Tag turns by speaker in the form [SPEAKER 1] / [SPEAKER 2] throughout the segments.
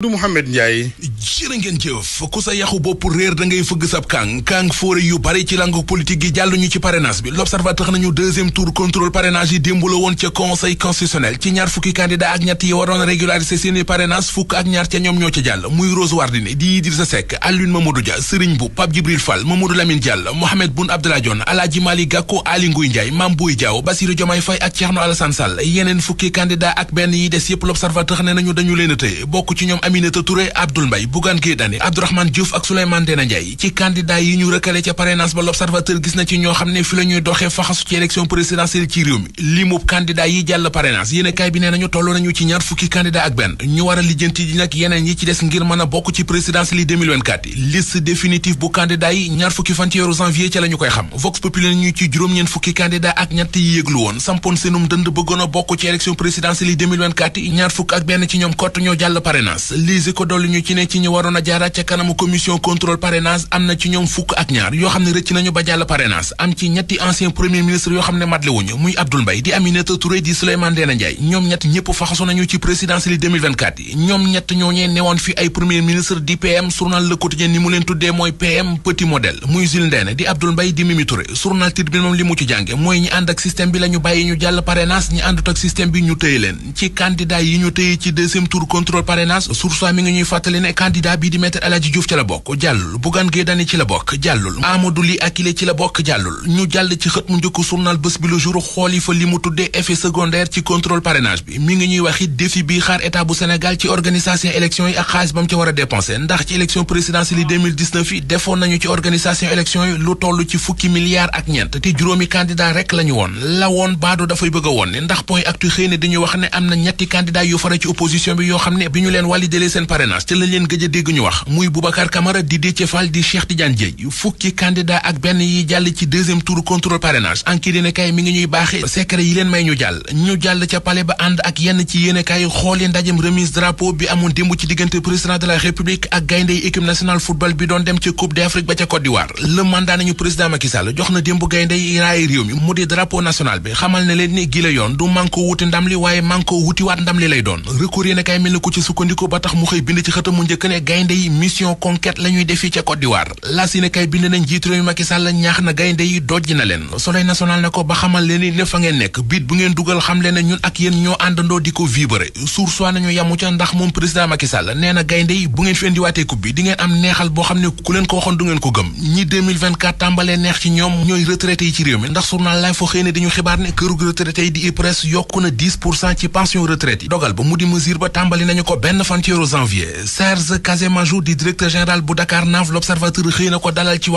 [SPEAKER 1] du Mouhamed Ndiaye jërë ngeen jëf ku sa yaxu bopp jàll ñu ci parrainage bi l'observateur nañu deuxième tour contrôle parrainage yi démb la woon ca ci ñaar fukki yeneen fukki candidat ak benn yi des yépp l'observateur ne nañu dañu leen tëye bokk ci ñoom Aminata Touré Abdoul Mbaye Bougane Gueye Dany Abdourahmane Diouf ak Souleymane Ndéné ci candidat yi ñu rëkkale ca parrainage ba l'observateur gis na ci ñoo xam ne fi la ñuy faxasu ci élection présidentielle ci réew mi li mu yi jàll parrainage yéen bi nee nañu toll nañu ci ñaar fukki candidat ak benn ñu war a di nag yeneen yi ci des ngir mën bokk ci présidentielle yi 2024 yi bu candidat yi ñaar fukki fan janvier ca la lise ko dolli ñu ci ne ci ñu waroon a jaaraat ca kanamu commission contrôle parrainage am na ci ñoom fukk ak ñaar yoo xam ne rëcc nañu ba jàll parrainage am ci ñetti ancien premier ministre yoo xam ne matle wuñu muy Abdoul Mbaye di Aminata Touré di Souleymane Ndéné Ndiaye ñoom ñett ñëpp faxasu nañu ci présidentielle yi 2024 yi ñoom ñett ñooñee newoon fi ay premier ministre di PM journal Le Quotidien ni mu leen tuddee mooy PM petit modèle muy Jules Ndéné di Abdoul Mbaye di Mimi Touré la ñu bàyyi ñu jàll parrainage ñi àndut ak système ñu tëye leen ci candidat yi ñu tëye ci deuxième tour contrôle sursoit ngi ñuy fàttali ne candidat bii di maître El Hadji Diouf la bokk jàllul Bougane Gueye Dany ci la bokk jàllul Amadou Ly Akile ci la bokk jàllul ñu jàll ci xët mu njëkk journal bés bi le jour xooli fa li mu tuddee effet secondaire ci contrôle parrainage bi mi ngi ñuy wax it défi bi xaar état bu Sénégal ci organisation élection yi ak xaalis ba ca war a dépensé ndax ci élection présidentielle yi defoon nañu ci organisation élection yi lu toll dajalee seen parrainage te lañ leen gëj a dégg ñu wax muy Boubacar Camara di Déthié Fall di Cheikh Tidiane Dièye fukki candidat ak benn yi jàll ci deuxième tour contrôle parrainage enquête yéenekaay mi ngi ñuy baaxee secret yi leen may ñu jàll ñu jàll ca palais ba ànd ak yenn ci yéenekaay xooli ndajem remise drapeau bi amoon démb ci diggante président de la république ak gayndey équipe nationale football bi doon dem ci coupe d'Afrique ba ca Côte d'Ivoire le mandat nañu président Macky jox na démb gayndey raay réew mi mu di drapeau national xamal na leen ni la yoon du manko wuti ndam li waaye manko wutiwaat ndam li lay doon tax mu njëkk ne gaynde yi mission conquête la def fii ca Côte d'Ivoire laas kay bind nañ jiitu réew ñaax na gaynde yi dojj na leen soleil national ne ko ba xamal leen ne fa ngeen nekk biit bu ngeen dugal xam leen ne ñun ak yéen ñoo àndandoo di ko vibrer sursoi nañu yamu ca ndax moom président Macky nee na gaynde yi bu ngeen fi indiwaatee coupe bi di am neexal boo xam ne ku leen ko waxoon du ngeen ko gëm ñi tàmbalee neex ci ñoom 0 janvier Serge Casemajou du directeur général Boudakar Nav l'Observateur xëy ko dalal ci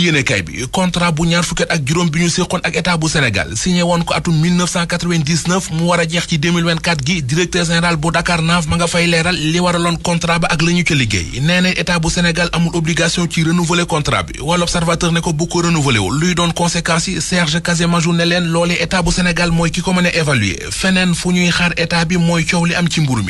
[SPEAKER 1] li contrat bu ñaar fukki ak juróom bi ñu séqoon ak état bu Sénégal signé woon ko atum mu war a jeex ci gi directeur général bu Dakarnave ma nga fay leeral li waraloon contrat ba ak la ca liggéey nee na état bu Sénégal amul obligation ci renouveler contrat bi wala observateur ne ko bu ko luy doon conséquences yi Serge Casamajou ne leen loolee état bu Sénégal mooy ki ko mën a feneen fu ñuy xaar état bi mooy coow li am ci mburu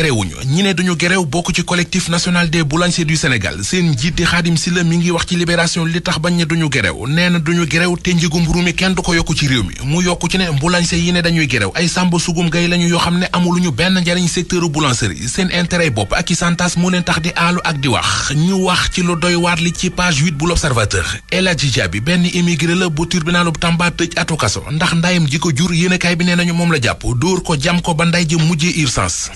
[SPEAKER 1] gerewuñu ñi ne duñu gerew bokk ci collectif national des boulangers du Sénégal seen njiit di Xaadim Sylla mi ngi wax ci libération li tax bañ ne duñu gerew nee na duñu gerew te njëgu mburu mi kenn du ko yokku ci réew mi mu yokku ci ne boulanger yi ne dañuy gerew ay sàmba sugum gay lañu yoo xam ne ñu benn njariñ secteur boulangerie seen intérêt bopp ak i santas moo leen tax di aalu ak di wax ñu wax ci lu doy waar li ci page 8 bu l'Observateur El Hadji Diaby benn immigré la bu tribunalub Tamba tëj atu ndax ndayam ji ko jur yéenekaay bi nee nañu moom la jàpp dóor ko jam ko ba nday ji mujjee urgence